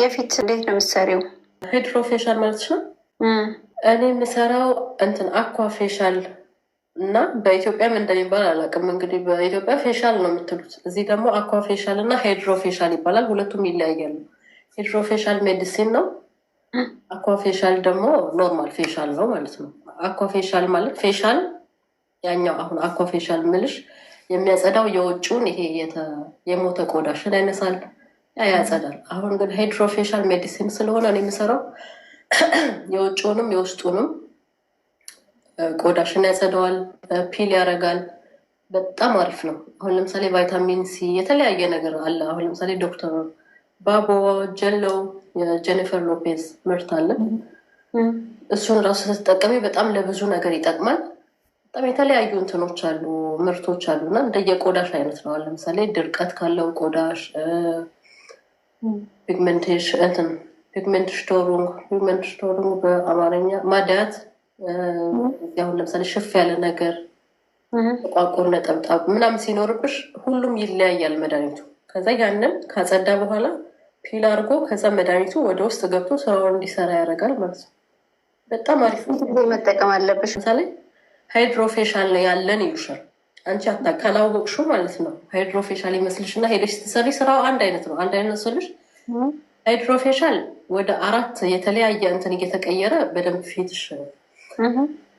የፊት እንዴት ነው የምትሰሪው? ሄድሮ ፌሻል ማለት ነው። እኔ የምሰራው እንትን አኳ ፌሻል እና በኢትዮጵያም እንደሚባል አላውቅም። እንግዲህ በኢትዮጵያ ፌሻል ነው የምትሉት፣ እዚህ ደግሞ አኳ ፌሻል እና ሄድሮ ፌሻል ይባላል። ሁለቱም ይለያያሉ። ሄድሮ ፌሻል ሜዲሲን ነው። አኳ ፌሻል ደግሞ ኖርማል ፌሻል ነው ማለት ነው። አኳ ፌሻል ማለት ፌሻል ያኛው አሁን አኳ ፌሻል ምልሽ የሚያጸዳው የውጭውን ይሄ የሞተ ቆዳሽን አይነሳል ያጸዳል። አሁን ግን ሃይድሮፌሻል ሜዲሲን ስለሆነ እኔ የምሰራው የውጭውንም የውስጡንም ቆዳሽን ያጸደዋል፣ ፒል ያረጋል። በጣም አሪፍ ነው። አሁን ለምሳሌ ቫይታሚን ሲ የተለያየ ነገር አለ። አሁን ለምሳሌ ዶክተር ባቦ ጀለው የጀኒፈር ሎፔዝ ምርት አለ። እሱን ራሱ ስትጠቀሚ በጣም ለብዙ ነገር ይጠቅማል። በጣም የተለያዩ እንትኖች አሉ ምርቶች አሉ እና እንደየቆዳሽ አይነት ነው። አሁን ለምሳሌ ድርቀት ካለው ቆዳሽ ፒግመንቴሽን እንትን ፒግመንት ስቶሩንግ ፒግመንት ስቶሩንግ በአማርኛ ማዳት ያሁን ለምሳሌ ሽፍ ያለ ነገር ቋቁር ነጠብጣብ ምናምን ሲኖርብሽ ሁሉም ይለያያል መድኃኒቱ። ከዛ ያንን ካጸዳ በኋላ ፒል አድርጎ ከዛ መድኃኒቱ ወደ ውስጥ ገብቶ ስራውን እንዲሰራ ያደርጋል ማለት ነው። በጣም አሪፍ መጠቀም አለብሽ። ምሳሌ ሃይድሮፌሻል ያለን ይሉሻል አንቺ አታ ካላወቅሽው ማለት ነው ሃይድሮፌሻል ይመስልሽ እና ሄደሽ ስትሰሪ ስራው አንድ አይነት ነው። አንድ አይነት ስልሽ ሃይድሮፌሻል ወደ አራት የተለያየ እንትን እየተቀየረ በደንብ ፊትሽ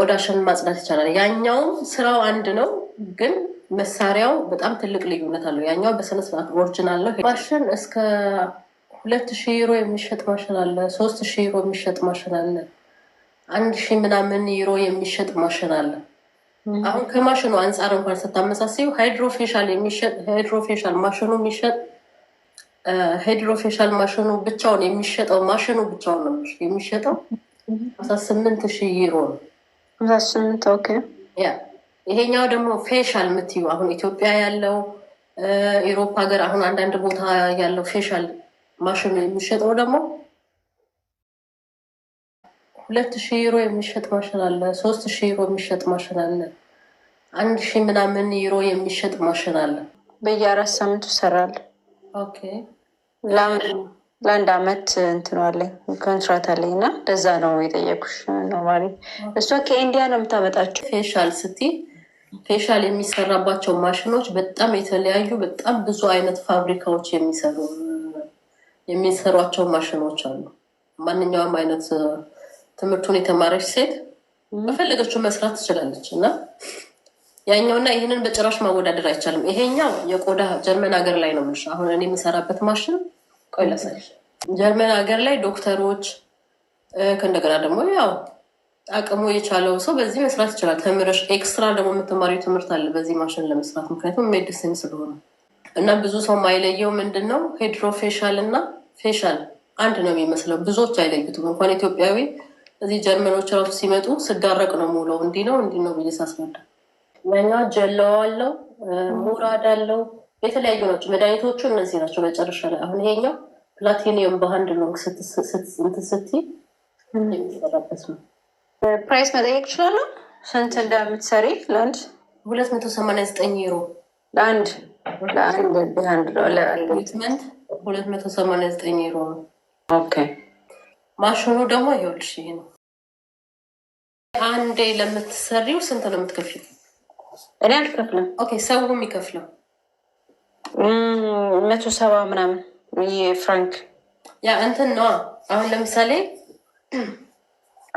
ቆዳሽን ማጽዳት ይቻላል። ያኛውም ስራው አንድ ነው፣ ግን መሳሪያው በጣም ትልቅ ልዩነት አለው። ያኛው በስነ ስርዓት ኦሪጅናል ነው። ማሽን እስከ ሁለት ሺ ዩሮ የሚሸጥ ማሽን አለ። ሶስት ሺ ዩሮ የሚሸጥ ማሽን አለ። አንድ ሺ ምናምን ዩሮ የሚሸጥ ማሽን አለ። አሁን ከማሽኑ አንጻር እንኳን ስታመሳሰዩ ሃይድሮፌሻል የሚሸጥ ሃይድሮፌሻል ማሽኑ የሚሸጥ ሃይድሮፌሻል ማሽኑ ብቻውን የሚሸጠው ማሽኑ ብቻውን ነው የሚሸጠው ሀምሳ ስምንት ሺህ ዩሮ ነው። ሀምሳ ስምንት ኦኬ። ያ ይሄኛው ደግሞ ፌሻል የምትዩ አሁን ኢትዮጵያ ያለው ኢሮፓ ሀገር አሁን አንዳንድ ቦታ ያለው ፌሻል ማሽኑ የሚሸጠው ደግሞ ሁለት ሺህ ዩሮ የሚሸጥ ማሽን አለ። ሶስት ሺህ ዩሮ የሚሸጥ ማሽን አለ። አንድ ሺህ ምናምን ዩሮ የሚሸጥ ማሽን አለ። በየአራት ሳምንቱ ይሰራል። ለአንድ አመት እንትን አለኝ ኮንትራት አለኝ እና ለዛ ነው የጠየኩሽ። ኖርማሊ እሷ ከኢንዲያ ነው የምታመጣቸው። ፌሻል ስቲ ፌሻል የሚሰራባቸው ማሽኖች በጣም የተለያዩ በጣም ብዙ አይነት ፋብሪካዎች የሚሰሩ የሚሰሯቸው ማሽኖች አሉ። ማንኛውም አይነት ትምህርቱን የተማረች ሴት በፈለገችው መስራት ትችላለች እና ያኛውና ይህንን በጭራሽ ማወዳደር አይቻልም። ይሄኛው የቆዳ ጀርመን ሀገር ላይ ነው የምልሽ። አሁን እኔ የምሰራበት ማሽን ቆይ ላሳይሽ። ጀርመን ሀገር ላይ ዶክተሮች ከእንደገና ደግሞ ያው አቅሙ የቻለው ሰው በዚህ መስራት ይችላል። ተምረሽ ኤክስትራ ደግሞ የምትማሪው ትምህርት አለ በዚህ ማሽን ለመስራት ምክንያቱም ሜዲሲን ስለሆነ እና ብዙ ሰው ማይለየው ምንድን ነው ሄድሮፌሻል እና ፌሻል አንድ ነው የሚመስለው። ብዙዎች አይለዩትም እንኳን ኢትዮጵያዊ እዚህ ጀርመኖች ራሱ ሲመጡ ስዳረቅ ነው ሙለው እንዲህ ነው እንዲህ ነው ብዬ ሳስረዳ ለእኛ ጀለው አለው ሙራድ አለው የተለያዩ ናቸው መድኃኒቶቹ እነዚህ ናቸው። መጨረሻ ላይ አሁን ይሄኛው ፕላቲኒየም በአንድ ነው እንትን ስትይ ነው። ፕራይስ መጠየቅ እችላለሁ? ስንት እንደምትሰሪ ለአንድ ሁለት መቶ ሰማንያ ዘጠኝ ዩሮ ለአንድ ለአንድ ለአንድ ሁለት መቶ ሰማንያ ዘጠኝ ዩሮ ነው። ኦኬ ማሽኑ ደግሞ ይኸውልሽ ይሄ ነው። አንዴ ለምትሰሪው ስንት ነው የምትከፍይው? እኔ አልከፍልም። ኦኬ ሰው የሚከፍለው መቶ ሰባ ምናምን የፍራንክ ያ እንትን ነዋ። አሁን ለምሳሌ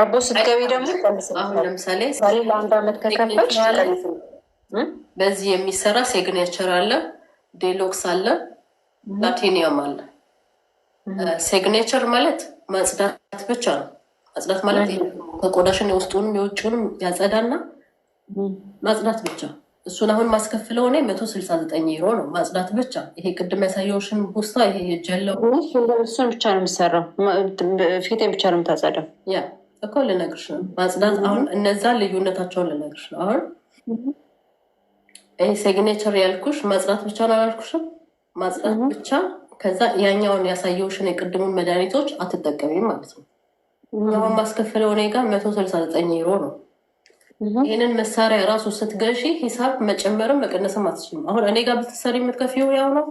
አቦ ስትገቢ ደግሞ አሁን ለምሳሌ ለአንድ አመት ከከፈልሽ በዚህ የሚሰራ ሴግኔቸር አለ፣ ዴሎክስ አለ፣ ላቲኒየም አለ። ሴግኔቸር ማለት ማጽዳት ብቻ ነው። ማጽዳት ማለት ከቆዳሽን የውስጡንም የውጭውንም ያጸዳና ማጽዳት ብቻ። እሱን አሁን ማስከፍለው እኔ መቶ ስልሳ ዘጠኝ ዩሮ ነው ማጽዳት ብቻ። ይሄ ቅድም ያሳየውሽን ቡስታ ይሄ የጀለው እሱን ብቻ ነው የሚሰራው። ፊቴን ብቻ ነው የምታጸዳው። ያ እኮ ልነግርሽ ነው ማጽዳት። አሁን እነዛ ልዩነታቸውን ልነግርሽ ነው። አሁን ይሄ ሴግኔቸር ያልኩሽ ማጽዳት ብቻ ነው አላልኩሽም? ማጽዳት ብቻ ከዛ ያኛውን ያሳየውሽን የቅድሙን መድኃኒቶች አትጠቀሚም ማለት ነው። አሁን ማስከፈለው እኔ ጋር መቶ ስልሳ ዘጠኝ ዩሮ ነው። ይህንን መሳሪያ ራሱ ስትገዢ ሂሳብ መጨመርም መቀነስም አትችልም። አሁን እኔ ጋር ብትሰሪ የምትከፊው ያው ነው።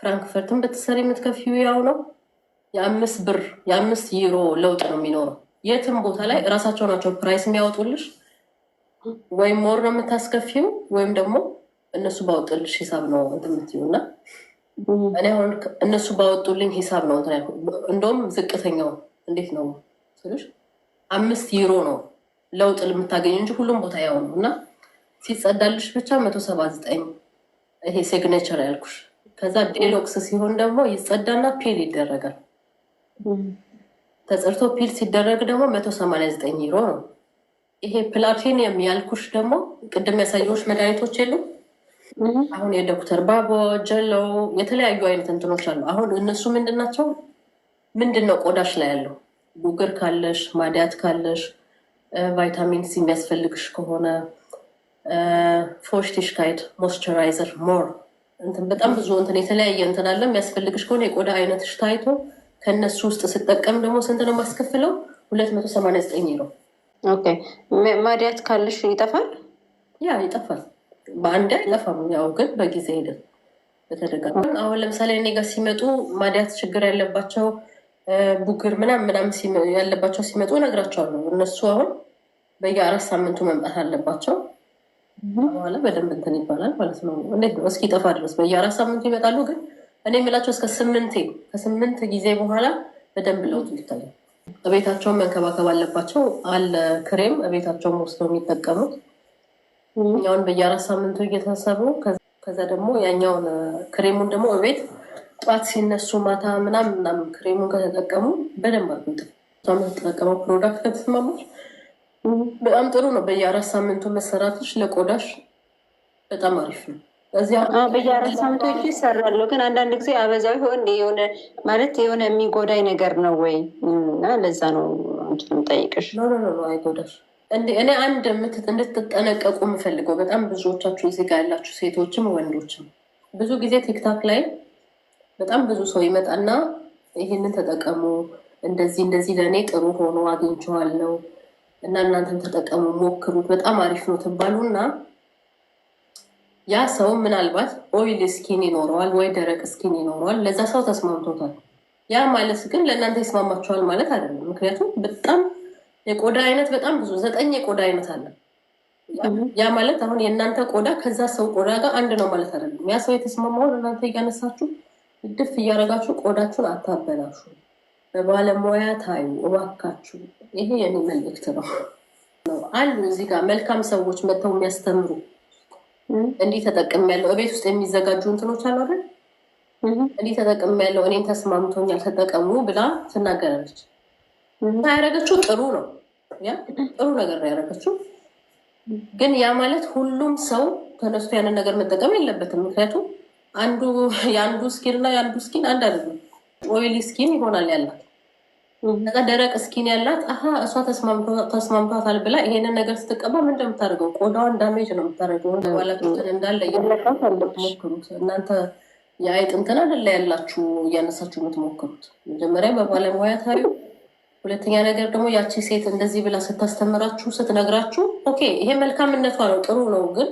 ፍራንክፈርትን ብትሰሪ የምትከፊው ያው ነው። የአምስት ብር የአምስት ዩሮ ለውጥ ነው የሚኖረው። የትም ቦታ ላይ እራሳቸው ናቸው ፕራይስ የሚያወጡልሽ። ወይም ሞር ነው የምታስከፊው ወይም ደግሞ እነሱ ባወጡልሽ ሂሳብ ነው እንትን የምትይው እና እኔ አሁን እነሱ ባወጡልኝ ሂሳብ ነው እንትን ያልኩት። እንደውም ዝቅተኛው እንዴት ነው ስልሽ አምስት ዩሮ ነው ለውጥ የምታገኙ እንጂ ሁሉም ቦታ ያው ነው። እና ሲጸዳልሽ ብቻ መቶ ሰባ ዘጠኝ ይሄ ሲግኔቸር ያልኩሽ። ከዛ ዴሎክስ ሲሆን ደግሞ ይጸዳና ፒል ይደረጋል። ተጽርቶ ፒል ሲደረግ ደግሞ መቶ ሰማንያ ዘጠኝ ዩሮ ነው። ይሄ ፕላቲኒየም ያልኩሽ ደግሞ ቅድም ያሳየሁሽ መድኃኒቶች የሉም አሁን የዶክተር ባቦ ጀለው የተለያዩ አይነት እንትኖች አሉ። አሁን እነሱ ምንድን ናቸው? ምንድን ነው ቆዳሽ ላይ ያለው ቡግር ካለሽ፣ ማዲያት ካለሽ፣ ቫይታሚን ሲ የሚያስፈልግሽ ከሆነ ፎሽቲሽ ካይድ ሞስቸራይዘር ሞር በጣም ብዙ እንትን የተለያየ እንትን አለ። የሚያስፈልግሽ ከሆነ የቆዳ አይነትሽ ታይቶ ከእነሱ ውስጥ ስጠቀም ደግሞ ስንት ነው ማስከፍለው? ሁለት መቶ ሰማንያ ዘጠኝ ነው። ማዲያት ካለሽ ይጠፋል፣ ያ ይጠፋል። በአንድ አይጠፋም። ያው ግን በጊዜ ሄደን በተደጋጋሚ አሁን ለምሳሌ እኔ ጋር ሲመጡ ማዲያት ችግር ያለባቸው ቡግር ምናም ምናም ያለባቸው ሲመጡ እነግራቸዋለሁ። እነሱ አሁን በየአራት ሳምንቱ መምጣት አለባቸው። በኋላ በደንብ እንትን ይባላል ማለት ነው። እንዴት ነው ድረስ በየአራት ሳምንቱ ይመጣሉ። ግን እኔ የምላቸው እስከ ስምንቴ ከስምንት ጊዜ በኋላ በደንብ ለውጡ ይታያል። እቤታቸውን መንከባከብ አለባቸው። አለ ክሬም እቤታቸውን ወስደው የሚጠቀሙት እኛውን በየአራት ሳምንቱ እየታሰቡ ከዛ ደግሞ ያኛውን ክሬሙን ደግሞ እቤት ጠዋት ሲነሱ ማታ ምናምን ምናምን ክሬሙን ከተጠቀሙ በደንብ አግኝተ ተጠቀመው ፕሮዳክት ከተስማማች በጣም ጥሩ ነው። በየአራት ሳምንቱ መሰራቶች ለቆዳሽ በጣም አሪፍ ነው። በየአራት ሳምንቶች ይሰራሉ። ግን አንዳንድ ጊዜ አበዛው ሆን የሆነ ማለት የሆነ የሚጎዳይ ነገር ነው ወይ እና ለዛ ነው አንቺንም ጠይቅሽ። አይጎዳሽ እኔ አንድ እንድትጠነቀቁ የምፈልገው በጣም ብዙዎቻችሁ እዚህ ጋ ያላችሁ ሴቶችም ወንዶችም ብዙ ጊዜ ቲክታክ ላይ በጣም ብዙ ሰው ይመጣና ይህንን ተጠቀሙ፣ እንደዚህ እንደዚህ ለእኔ ጥሩ ሆኖ አግኝቼዋለሁ እና እናንተም ተጠቀሙ፣ ሞክሩት፣ በጣም አሪፍ ነው ትባሉ እና ያ ሰው ምናልባት ኦይል ስኪን ይኖረዋል ወይ ደረቅ ስኪን ይኖረዋል። ለዛ ሰው ተስማምቶታል። ያ ማለት ግን ለእናንተ ይስማማችኋል ማለት አይደለም። ምክንያቱም በጣም የቆዳ አይነት በጣም ብዙ ዘጠኝ የቆዳ አይነት አለ። ያ ማለት አሁን የእናንተ ቆዳ ከዛ ሰው ቆዳ ጋር አንድ ነው ማለት አይደለም። ያ ሰው የተስማማውን እናንተ እያነሳችሁ ድፍ እያደረጋችሁ ቆዳችሁን አታበላሹ። በባለሙያ ታዩ እባካችሁ። ይሄ የኔ መልእክት ነው። አሉ እዚህ ጋር መልካም ሰዎች መጥተው የሚያስተምሩ እንዲህ ተጠቅም ያለው እቤት ውስጥ የሚዘጋጁ እንትኖች አሉ አይደል? እንዲህ ተጠቅም ያለው እኔም ተስማምቶኛል ተጠቀሙ ብላ ትናገራለች። እና ያደረገችው ጥሩ ነው፣ ጥሩ ነገር ነው ያደረገችው። ግን ያ ማለት ሁሉም ሰው ተነስቶ ያንን ነገር መጠቀም የለበትም። ምክንያቱም አንዱ የአንዱ ስኪን እና የአንዱ ስኪን አንድ አይደለም። ኦይሊ ስኪን ይሆናል ያላት ነጻ ደረቅ ስኪን ያላት አሀ እሷ ተስማምቷታል ብላ ይሄንን ነገር ስትቀባ ምን እንደምታደርገው ቆዳዋን ዳሜጅ ነው የምታደርገው። ባላቶችን እንዳለ ሞክሩት እናንተ የአይጥ እንትን ያላችሁ እያነሳችሁ የምትሞክሩት መጀመሪያ በባለሙያ ታሪው ሁለተኛ ነገር ደግሞ ያቺ ሴት እንደዚህ ብላ ስታስተምራችሁ ስትነግራችሁ፣ ኦኬ ይሄ መልካምነቷ ነው፣ ጥሩ ነው። ግን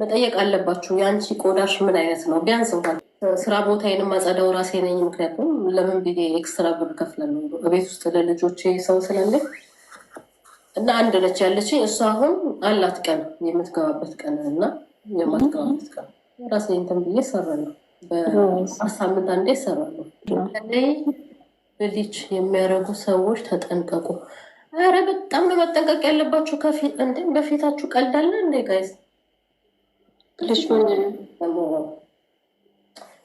መጠየቅ አለባችሁ። የአንቺ ቆዳሽ ምን አይነት ነው? ቢያንስ እንኳን ስራ ቦታዬንም ማጸዳው ራሴ ነኝ። ምክንያቱም ለምን ብዬ ኤክስትራ ብር ከፍላለሁ በቤት ውስጥ ለልጆቼ ሰው ስላለ እና አንድ ነች ያለች እሷ አሁን አላት ቀን የምትገባበት ቀን እና የማትገባበት ቀን ራሴ እንትን ብዬ ሰራለሁ። በሳምንት አንዴ ሰራለሁ። ብሊች የሚያደርጉ ሰዎች ተጠንቀቁ። ኧረ በጣም ነው መጠንቀቅ ያለባችሁ። እንደ በፊታችሁ ቀልዳለ እንደ ጋይዝ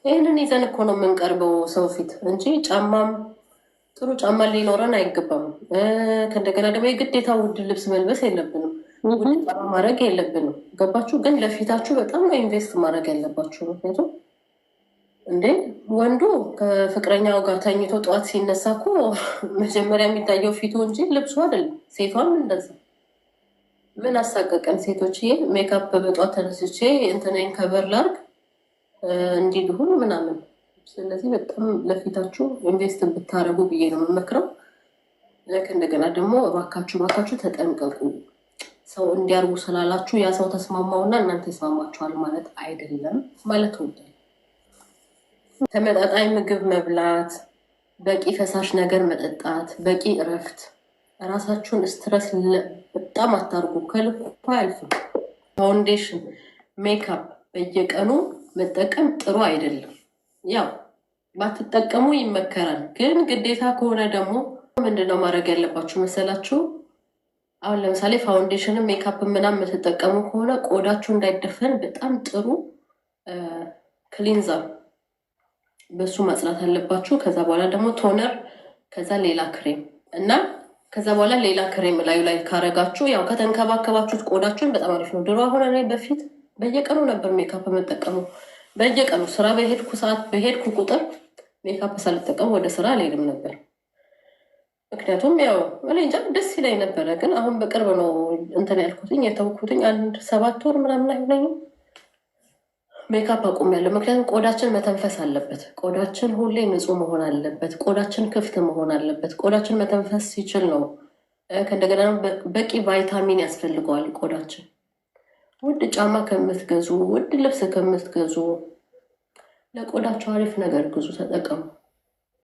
ይህንን ይዘን እኮ ነው የምንቀርበው ሰው ፊት እንጂ ጫማም ጥሩ ጫማ ሊኖረን አይገባም። ከእንደገና ደግሞ የግዴታ ውድ ልብስ መልበስ የለብንም። ውድ ጫማ ማድረግ የለብንም። ገባችሁ? ግን ለፊታችሁ በጣም ነው ኢንቨስት ማድረግ ያለባችሁ ምክንያቱም እንዴ ወንዱ ከፍቅረኛው ጋር ተኝቶ ጠዋት ሲነሳ እኮ መጀመሪያ የሚታየው ፊቱ እንጂ ልብሱ አይደለም። ሴቷም እንደዛ ምን አሳቀቀን? ሴቶችዬ ሜካፕ በጠዋት ተነስቼ እንትናይን ከበር ላርግ እንዲልሁን ምናምን። ስለዚህ በጣም ለፊታችሁ ኢንቨስት ብታደረጉ ብዬ ነው የምመክረው። እንደገና ደግሞ እባካችሁ እባካችሁ ተጠንቀቁ። ሰው እንዲያርጉ ስላላችሁ ያ ሰው ተስማማውና እናንተ ይስማማችኋል ማለት አይደለም ማለት ወደ ተመጣጣኝ ምግብ መብላት፣ በቂ ፈሳሽ ነገር መጠጣት፣ በቂ እረፍት፣ ራሳችሁን ስትረስ በጣም አታርጉ። ከልኩ አያልፍም። ፋውንዴሽን፣ ሜካፕ በየቀኑ መጠቀም ጥሩ አይደለም። ያው ባትጠቀሙ ይመከራል፣ ግን ግዴታ ከሆነ ደግሞ ምንድነው ማድረግ ያለባችሁ መሰላችሁ? አሁን ለምሳሌ ፋውንዴሽንን ሜካፕ ምናምን የምትጠቀሙ ከሆነ ቆዳችሁ እንዳይደፈን በጣም ጥሩ ክሊንዘር በሱ ማጽዳት አለባችሁ። ከዛ በኋላ ደግሞ ቶነር፣ ከዛ ሌላ ክሬም እና ከዛ በኋላ ሌላ ክሬም ላዩ ላይ ካረጋችሁ ያው ከተንከባከባችሁት ቆዳችሁን በጣም አሪፍ ነው። ድሮ አሁን እኔ በፊት በየቀኑ ነበር ሜካፕ የምጠቀመው። በየቀኑ ስራ በሄድኩ ሰዓት በሄድኩ ቁጥር ሜካፕ ሳልጠቀም ወደ ስራ አልሄድም ነበር። ምክንያቱም ያው እኔ እንጃ ደስ ይለኝ ነበረ። ግን አሁን በቅርብ ነው እንትን ያልኩትኝ የተውኩትኝ አንድ ሰባት ወር ምናምን አይሆነኝም ሜካፕ ያለው ምክንያቱም ቆዳችን መተንፈስ አለበት። ቆዳችን ሁሌ ንጹህ መሆን አለበት። ቆዳችን ክፍት መሆን አለበት። ቆዳችን መተንፈስ ሲችል ነው። ከእንደገና በቂ ቫይታሚን ያስፈልገዋል ቆዳችን። ውድ ጫማ ከምትገዙ፣ ውድ ልብስ ከምትገዙ ለቆዳቸው አሪፍ ነገር ግዙ፣ ተጠቀሙ።